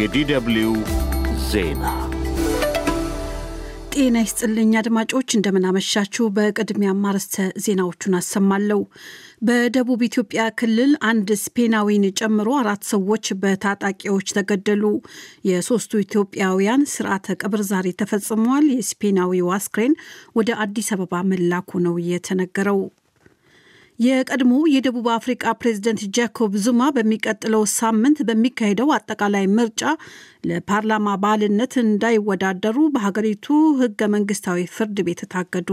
የዲደብሊው ዜና ጤና ይስጥልኝ አድማጮች፣ እንደምናመሻችሁ። በቅድሚያ ማርስተ ዜናዎቹን አሰማለሁ። በደቡብ ኢትዮጵያ ክልል አንድ ስፔናዊን ጨምሮ አራት ሰዎች በታጣቂዎች ተገደሉ። የሶስቱ ኢትዮጵያውያን ስርዓተ ቅብር ዛሬ ተፈጽመዋል የስፔናዊው አስክሬን ወደ አዲስ አበባ መላኩ ነው የተነገረው። የቀድሞ የደቡብ አፍሪቃ ፕሬዝደንት ጃኮብ ዙማ በሚቀጥለው ሳምንት በሚካሄደው አጠቃላይ ምርጫ ለፓርላማ ባልነት እንዳይወዳደሩ በሀገሪቱ ህገ መንግስታዊ ፍርድ ቤት ታገዱ።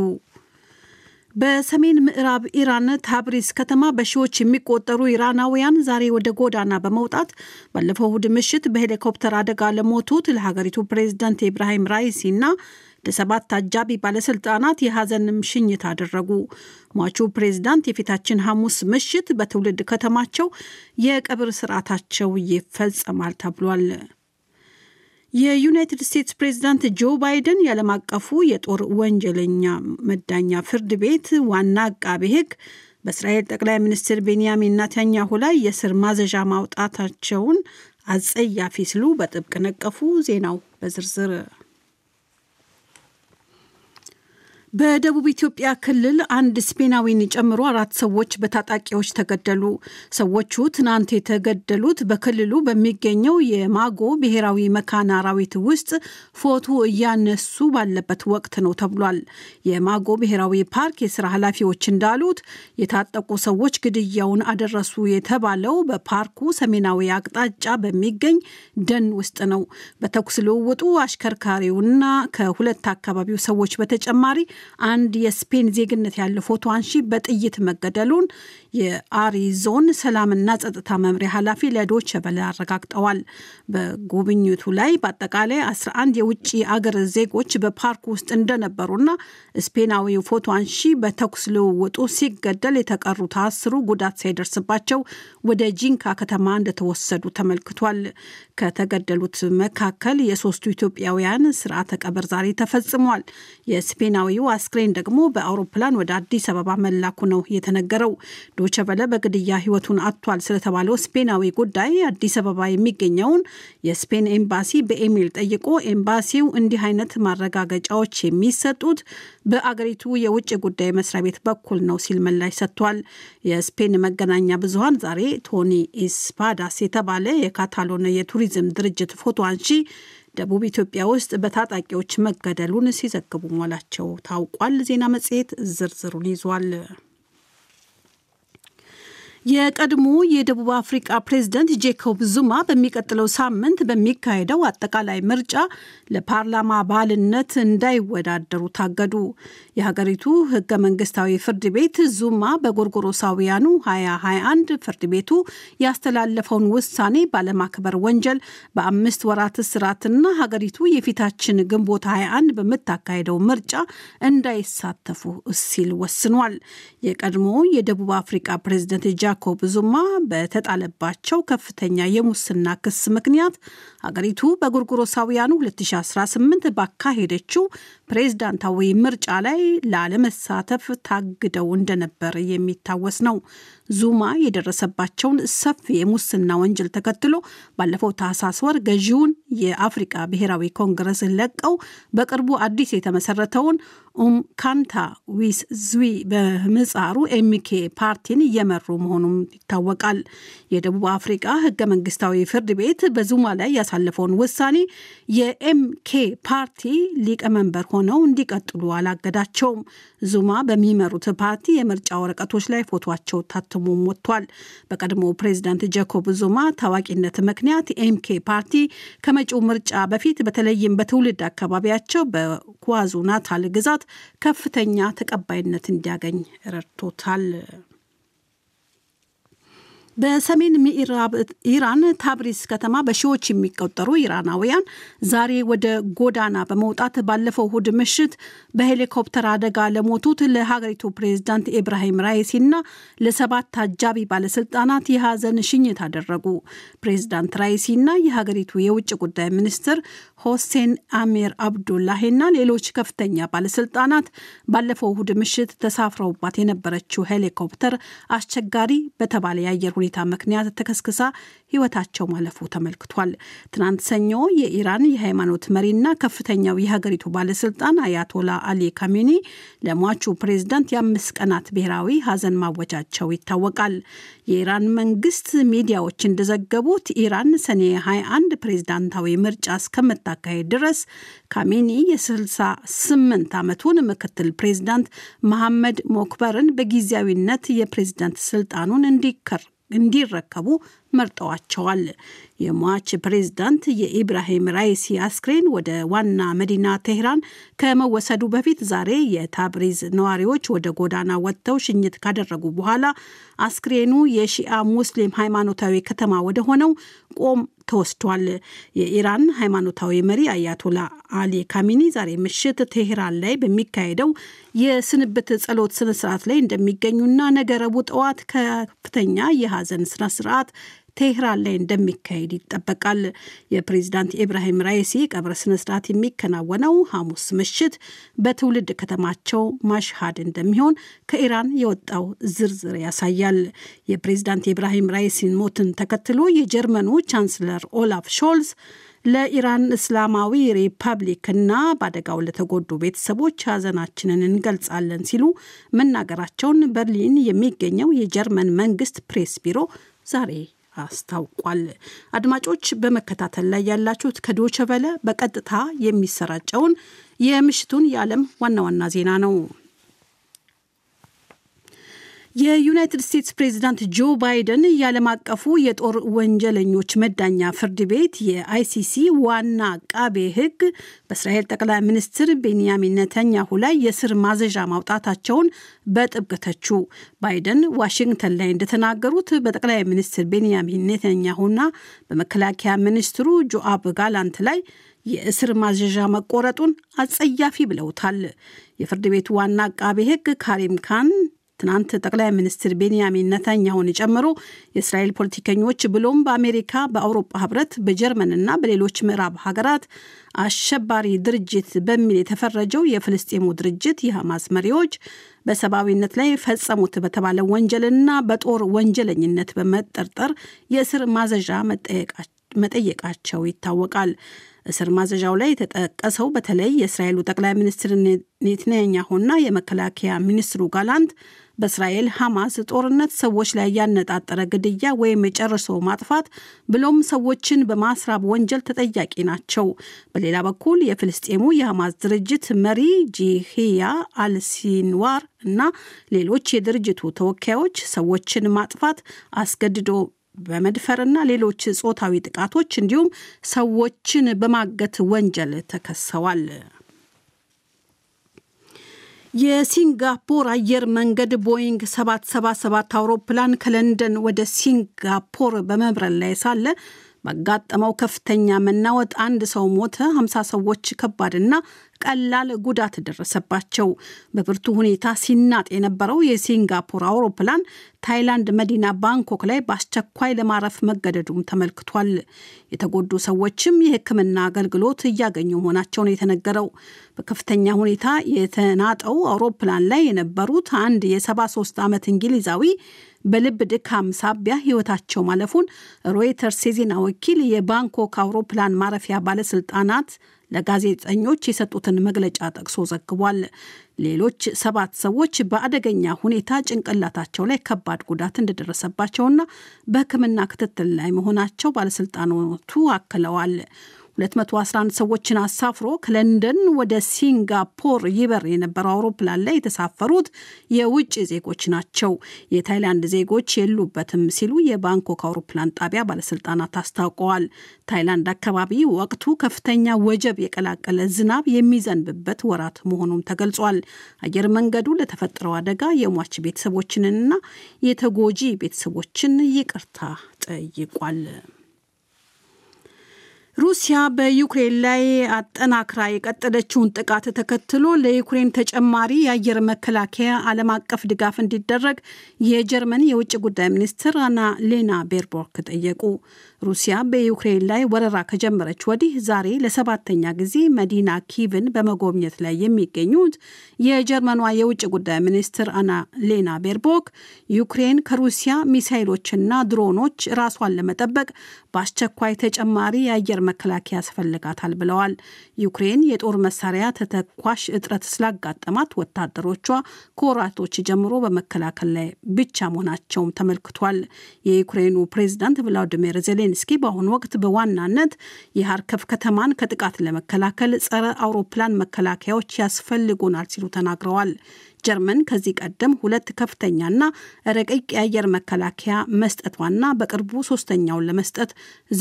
በሰሜን ምዕራብ ኢራን ታብሪስ ከተማ በሺዎች የሚቆጠሩ ኢራናውያን ዛሬ ወደ ጎዳና በመውጣት ባለፈው እሁድ ምሽት በሄሊኮፕተር አደጋ ለሞቱት ለሀገሪቱ ፕሬዚደንት ኢብራሂም ራይሲና ለሰባት አጃቢ ባለስልጣናት የሐዘንም ሽኝት አደረጉ። ሟቹ ፕሬዝዳንት የፊታችን ሐሙስ ምሽት በትውልድ ከተማቸው የቀብር ስርዓታቸው ይፈጸማል ተብሏል። የዩናይትድ ስቴትስ ፕሬዝዳንት ጆ ባይደን የዓለም አቀፉ የጦር ወንጀለኛ መዳኛ ፍርድ ቤት ዋና አቃቤ ሕግ በእስራኤል ጠቅላይ ሚኒስትር ቤንያሚን ናታንያሁ ላይ የስር ማዘዣ ማውጣታቸውን አጸያፊ ሲሉ በጥብቅ ነቀፉ። ዜናው በዝርዝር በደቡብ ኢትዮጵያ ክልል አንድ ስፔናዊን ጨምሮ አራት ሰዎች በታጣቂዎች ተገደሉ። ሰዎቹ ትናንት የተገደሉት በክልሉ በሚገኘው የማጎ ብሔራዊ መካነ አራዊት ውስጥ ፎቶ እያነሱ ባለበት ወቅት ነው ተብሏል። የማጎ ብሔራዊ ፓርክ የስራ ኃላፊዎች እንዳሉት የታጠቁ ሰዎች ግድያውን አደረሱ የተባለው በፓርኩ ሰሜናዊ አቅጣጫ በሚገኝ ደን ውስጥ ነው። በተኩስ ልውውጡ አሽከርካሪውና ከሁለት አካባቢው ሰዎች በተጨማሪ አንድ የስፔን ዜግነት ያለው ፎቶ አንሺ በጥይት መገደሉን የአሪ ዞን ሰላምና ጸጥታ መምሪያ ኃላፊ ለዶች በለ አረጋግጠዋል። በጉብኝቱ ላይ በአጠቃላይ 11 የውጭ አገር ዜጎች በፓርክ ውስጥ እንደነበሩና ስፔናዊው ፎቶ አንሺ በተኩስ ልውውጡ ሲገደል የተቀሩት አስሩ ጉዳት ሳይደርስባቸው ወደ ጂንካ ከተማ እንደተወሰዱ ተመልክቷል። ከተገደሉት መካከል የሶስቱ ኢትዮጵያውያን ስርዓተ ቀብር ዛሬ ተፈጽሟል። የስፔናዊው አስክሬን ደግሞ በአውሮፕላን ወደ አዲስ አበባ መላኩ ነው የተነገረው። ቸበለ ቨለ በግድያ ህይወቱን አጥቷል ስለተባለው ስፔናዊ ጉዳይ አዲስ አበባ የሚገኘውን የስፔን ኤምባሲ በኢሜይል ጠይቆ ኤምባሲው እንዲህ አይነት ማረጋገጫዎች የሚሰጡት በአገሪቱ የውጭ ጉዳይ መስሪያ ቤት በኩል ነው ሲል ምላሽ ሰጥቷል። የስፔን መገናኛ ብዙሀን ዛሬ ቶኒ ኢስፓዳስ የተባለ የካታሎን የቱሪዝም ድርጅት ፎቶ አንሺ ደቡብ ኢትዮጵያ ውስጥ በታጣቂዎች መገደሉን ሲዘግቡ መላቸው ታውቋል። ዜና መጽሔት ዝርዝሩን ይዟል። የቀድሞ የደቡብ አፍሪቃ ፕሬዝደንት ጄኮብ ዙማ በሚቀጥለው ሳምንት በሚካሄደው አጠቃላይ ምርጫ ለፓርላማ አባልነት እንዳይወዳደሩ ታገዱ። የሀገሪቱ ህገ መንግስታዊ ፍርድ ቤት ዙማ በጎርጎሮሳውያኑ 2021 ፍርድ ቤቱ ያስተላለፈውን ውሳኔ ባለማክበር ወንጀል በአምስት ወራት እስራትና ሀገሪቱ የፊታችን ግንቦት 21 በምታካሄደው ምርጫ እንዳይሳተፉ ሲል ወስኗል። የቀድሞ የደቡብ አፍሪቃ ፕሬዝደንት አኮ ብዙማ በተጣለባቸው ከፍተኛ የሙስና ክስ ምክንያት አገሪቱ በጉርጉሮሳውያኑ 2018 ባካሄደችው ፕሬዝዳንታዊ ምርጫ ላይ ላለመሳተፍ ታግደው እንደነበር የሚታወስ ነው። ዙማ የደረሰባቸውን ሰፊ የሙስና ወንጀል ተከትሎ ባለፈው ታህሳስ ወር ገዢውን የአፍሪካ ብሔራዊ ኮንግረስን ለቀው በቅርቡ አዲስ የተመሰረተውን ኡምካንታ ዊስ ዝዊ በምጻሩ ኤምኬ ፓርቲን እየመሩ መሆኑም ይታወቃል። የደቡብ አፍሪቃ ህገ መንግስታዊ ፍርድ ቤት በዙማ ላይ ያሳለፈውን ውሳኔ የኤምኬ ፓርቲ ሊቀመንበር ሆነው እንዲቀጥሉ አላገዳቸውም። ዙማ በሚመሩት ፓርቲ የምርጫ ወረቀቶች ላይ ፎቶቸው ታትሞም ወጥቷል። በቀድሞ ፕሬዚዳንት ጃኮብ ዙማ ታዋቂነት ምክንያት ኤምኬ ፓርቲ ከመጪው ምርጫ በፊት በተለይም በትውልድ አካባቢያቸው በኳዙ ናታል ግዛት ከፍተኛ ተቀባይነት እንዲያገኝ ረድቶታል። በሰሜን ምዕራብ ኢራን ታብሪዝ ከተማ በሺዎች የሚቆጠሩ ኢራናውያን ዛሬ ወደ ጎዳና በመውጣት ባለፈው እሁድ ምሽት በሄሊኮፕተር አደጋ ለሞቱት ለሀገሪቱ ፕሬዝዳንት ኢብራሂም እና ለሰባት አጃቢ ባለስልጣናት የሀዘን ሽኝት አደረጉ። ፕሬዝዳንት ራይሲና የሀገሪቱ የውጭ ጉዳይ ሚኒስትር ሆሴን አሚር አብዱላሂና ሌሎች ከፍተኛ ባለስልጣናት ባለፈው እሁድ ምሽት ተሳፍረውባት የነበረችው ሄሊኮፕተር አስቸጋሪ በተባለ የአየር ሁኔታ ሁኔታ ምክንያት ተከስክሳ ሕይወታቸው ማለፉ ተመልክቷል። ትናንት ሰኞ የኢራን የሃይማኖት መሪና ከፍተኛው የሀገሪቱ ባለስልጣን አያቶላ አሊ ካሚኒ ለሟቹ ፕሬዝዳንት የአምስት ቀናት ብሔራዊ ሀዘን ማወጃቸው ይታወቃል። የኢራን መንግስት ሚዲያዎች እንደዘገቡት ኢራን ሰኔ 21 ፕሬዝዳንታዊ ምርጫ እስከምታካሄድ ድረስ ካሚኒ የ68 ዓመቱን ምክትል ፕሬዝዳንት መሐመድ ሞክበርን በጊዜያዊነት የፕሬዝዳንት ስልጣኑን እንዲከር እንዲረከቡ መርጠዋቸዋል። የሟች ፕሬዝዳንት የኢብራሂም ራይሲ አስክሬን ወደ ዋና መዲና ቴህራን ከመወሰዱ በፊት ዛሬ የታብሪዝ ነዋሪዎች ወደ ጎዳና ወጥተው ሽኝት ካደረጉ በኋላ አስክሬኑ የሺአ ሙስሊም ሃይማኖታዊ ከተማ ወደ ሆነው ቆም ተወስዷል። የኢራን ሃይማኖታዊ መሪ አያቶላ አሊ ካሚኒ ዛሬ ምሽት ቴሄራን ላይ በሚካሄደው የስንብት ጸሎት ስነስርዓት ላይ እንደሚገኙና ነገ ረቡዕ ጠዋት ከፍተኛ የሐዘን ስነስርዓት ቴህራን ላይ እንደሚካሄድ ይጠበቃል። የፕሬዚዳንት ኢብራሂም ራይሲ ቀብረ ስነስርዓት የሚከናወነው ሐሙስ ምሽት በትውልድ ከተማቸው ማሽሃድ እንደሚሆን ከኢራን የወጣው ዝርዝር ያሳያል። የፕሬዚዳንት ኢብራሂም ራይሲን ሞትን ተከትሎ የጀርመኑ ቻንስለር ኦላፍ ሾልስ ለኢራን እስላማዊ ሪፐብሊክ ና በአደጋው ለተጎዱ ቤተሰቦች ሀዘናችንን እንገልጻለን ሲሉ መናገራቸውን በርሊን የሚገኘው የጀርመን መንግስት ፕሬስ ቢሮ ዛሬ አስታውቋል። አድማጮች በመከታተል ላይ ያላችሁት ከዶቸበለ በቀጥታ የሚሰራጨውን የምሽቱን የዓለም ዋና ዋና ዜና ነው። የዩናይትድ ስቴትስ ፕሬዚዳንት ጆ ባይደን የዓለም አቀፉ የጦር ወንጀለኞች መዳኛ ፍርድ ቤት የአይሲሲ ዋና አቃቤ ሕግ በእስራኤል ጠቅላይ ሚኒስትር ቤንያሚን ነተኛሁ ላይ የስር ማዘዣ ማውጣታቸውን በጥብቅ ተቹ። ባይደን ዋሽንግተን ላይ እንደተናገሩት በጠቅላይ ሚኒስትር ቤንያሚን ኔተንያሁና በመከላከያ ሚኒስትሩ ጆአብ ጋላንት ላይ የእስር ማዘዣ መቆረጡን አጸያፊ ብለውታል። የፍርድ ቤቱ ዋና አቃቤ ሕግ ካሪም ካን ትናንት ጠቅላይ ሚኒስትር ቤንያሚን ነታኛሁን ጨምሮ የእስራኤል ፖለቲከኞች ብሎም በአሜሪካ፣ በአውሮፓ ህብረት፣ እና በሌሎች ምዕራብ ሀገራት አሸባሪ ድርጅት በሚል የተፈረጀው የፍልስጤሙ ድርጅት የሐማስ መሪዎች በሰብአዊነት ላይ ፈጸሙት በተባለ ወንጀልና በጦር ወንጀለኝነት በመጠርጠር የእስር ማዘዣ መጠየቃቸው ይታወቃል። እስር ማዘዣው ላይ የተጠቀሰው በተለይ የእስራኤሉ ጠቅላይ ሚኒስትር ኔትንያሁና የመከላከያ ሚኒስትሩ ጋላንት በእስራኤል ሐማስ ጦርነት ሰዎች ላይ ያነጣጠረ ግድያ ወይም የጨርሶ ማጥፋት ብሎም ሰዎችን በማስራብ ወንጀል ተጠያቂ ናቸው። በሌላ በኩል የፍልስጤሙ የሐማስ ድርጅት መሪ ጂሂያ አልሲንዋር እና ሌሎች የድርጅቱ ተወካዮች ሰዎችን ማጥፋት አስገድዶ በመድፈርና ሌሎች ጾታዊ ጥቃቶች እንዲሁም ሰዎችን በማገት ወንጀል ተከሰዋል። የሲንጋፖር አየር መንገድ ቦይንግ 777 አውሮፕላን ከለንደን ወደ ሲንጋፖር በመብረር ላይ ሳለ ባጋጠመው ከፍተኛ መናወጥ አንድ ሰው ሞተ፣ 50 ሰዎች ከባድና ቀላል ጉዳት ደረሰባቸው። በብርቱ ሁኔታ ሲናጥ የነበረው የሲንጋፖር አውሮፕላን ታይላንድ መዲና ባንኮክ ላይ በአስቸኳይ ለማረፍ መገደዱም ተመልክቷል። የተጎዱ ሰዎችም የሕክምና አገልግሎት እያገኙ መሆናቸውን የተነገረው በከፍተኛ ሁኔታ የተናጠው አውሮፕላን ላይ የነበሩት አንድ የ73 ዓመት እንግሊዛዊ በልብ ድካም ሳቢያ ህይወታቸው ማለፉን ሮይተርስ የዜና ወኪል የባንኮክ አውሮፕላን ማረፊያ ባለስልጣናት ለጋዜጠኞች የሰጡትን መግለጫ ጠቅሶ ዘግቧል። ሌሎች ሰባት ሰዎች በአደገኛ ሁኔታ ጭንቅላታቸው ላይ ከባድ ጉዳት እንደደረሰባቸውና በሕክምና ክትትል ላይ መሆናቸው ባለስልጣናቱ አክለዋል። 211 ሰዎችን አሳፍሮ ከለንደን ወደ ሲንጋፖር ይበር የነበረው አውሮፕላን ላይ የተሳፈሩት የውጭ ዜጎች ናቸው። የታይላንድ ዜጎች የሉበትም ሲሉ የባንኮክ አውሮፕላን ጣቢያ ባለስልጣናት አስታውቀዋል። ታይላንድ አካባቢ ወቅቱ ከፍተኛ ወጀብ የቀላቀለ ዝናብ የሚዘንብበት ወራት መሆኑም ተገልጿል። አየር መንገዱ ለተፈጠረው አደጋ የሟች ቤተሰቦችንና የተጎጂ ቤተሰቦችን ይቅርታ ጠይቋል። ሩሲያ በዩክሬን ላይ አጠናክራ የቀጠለችውን ጥቃት ተከትሎ ለዩክሬን ተጨማሪ የአየር መከላከያ ዓለም አቀፍ ድጋፍ እንዲደረግ የጀርመን የውጭ ጉዳይ ሚኒስትር አና ሌና ቤርቦርክ ጠየቁ። ሩሲያ በዩክሬን ላይ ወረራ ከጀመረች ወዲህ ዛሬ ለሰባተኛ ጊዜ መዲና ኪቭን በመጎብኘት ላይ የሚገኙት የጀርመኗ የውጭ ጉዳይ ሚኒስትር አና ሌና ቤርቦክ ዩክሬን ከሩሲያ ሚሳይሎችና ድሮኖች ራሷን ለመጠበቅ በአስቸኳይ ተጨማሪ የአየር መከላከያ ያስፈልጋታል ብለዋል። ዩክሬን የጦር መሳሪያ ተተኳሽ እጥረት ስላጋጠማት ወታደሮቿ ከወራቶች ጀምሮ በመከላከል ላይ ብቻ መሆናቸውም ተመልክቷል። የዩክሬኑ ፕሬዝዳንት ቭላዲሚር ዜሌንስኪ በአሁኑ ወቅት በዋናነት የሀርከፍ ከተማን ከጥቃት ለመከላከል ጸረ አውሮፕላን መከላከያዎች ያስፈልጉናል ሲሉ ተናግረዋል። ጀርመን ከዚህ ቀደም ሁለት ከፍተኛና ረቂቅ የአየር መከላከያ መስጠቷና በቅርቡ ሶስተኛውን ለመስጠት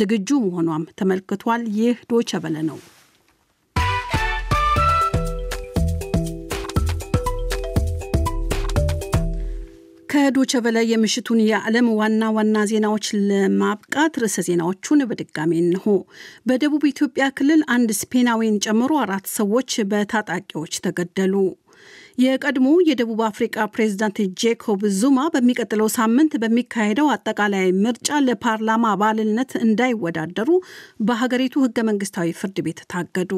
ዝግጁ መሆኗም ተመልክቷል። ይህ ዶቸበለ ነው። ከዶቸ በለ የምሽቱን የዓለም ዋና ዋና ዜናዎች ለማብቃት ርዕሰ ዜናዎቹን በድጋሚ እንሆ። በደቡብ ኢትዮጵያ ክልል አንድ ስፔናዊን ጨምሮ አራት ሰዎች በታጣቂዎች ተገደሉ። የቀድሞ የደቡብ አፍሪቃ ፕሬዝዳንት ጄኮብ ዙማ በሚቀጥለው ሳምንት በሚካሄደው አጠቃላይ ምርጫ ለፓርላማ አባልነት እንዳይወዳደሩ በሀገሪቱ ህገ መንግስታዊ ፍርድ ቤት ታገዱ።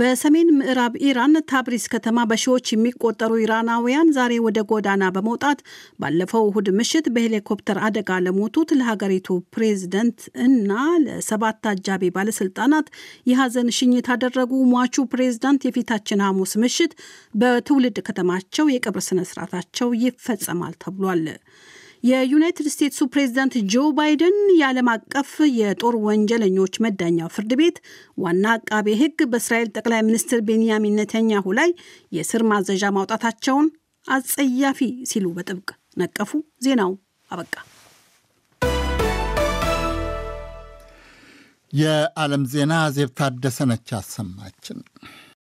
በሰሜን ምዕራብ ኢራን ታብሪስ ከተማ በሺዎች የሚቆጠሩ ኢራናውያን ዛሬ ወደ ጎዳና በመውጣት ባለፈው እሁድ ምሽት በሄሊኮፕተር አደጋ ለሞቱት ለሀገሪቱ ፕሬዝደንት እና ለሰባት አጃቢ ባለስልጣናት የሀዘን ሽኝት አደረጉ። ሟቹ ፕሬዝዳንት የፊታችን ሐሙስ ምሽት በትውልድ ከተማቸው የቀብር ስነስርዓታቸው ይፈጸማል ተብሏል። የዩናይትድ ስቴትሱ ፕሬዝዳንት ጆ ባይደን የዓለም አቀፍ የጦር ወንጀለኞች መዳኛ ፍርድ ቤት ዋና አቃቤ ሕግ በእስራኤል ጠቅላይ ሚኒስትር ቤንያሚን ነተኛሁ ላይ የስር ማዘዣ ማውጣታቸውን አጸያፊ ሲሉ በጥብቅ ነቀፉ። ዜናው አበቃ። የዓለም ዜና ዜብ አሰማችን።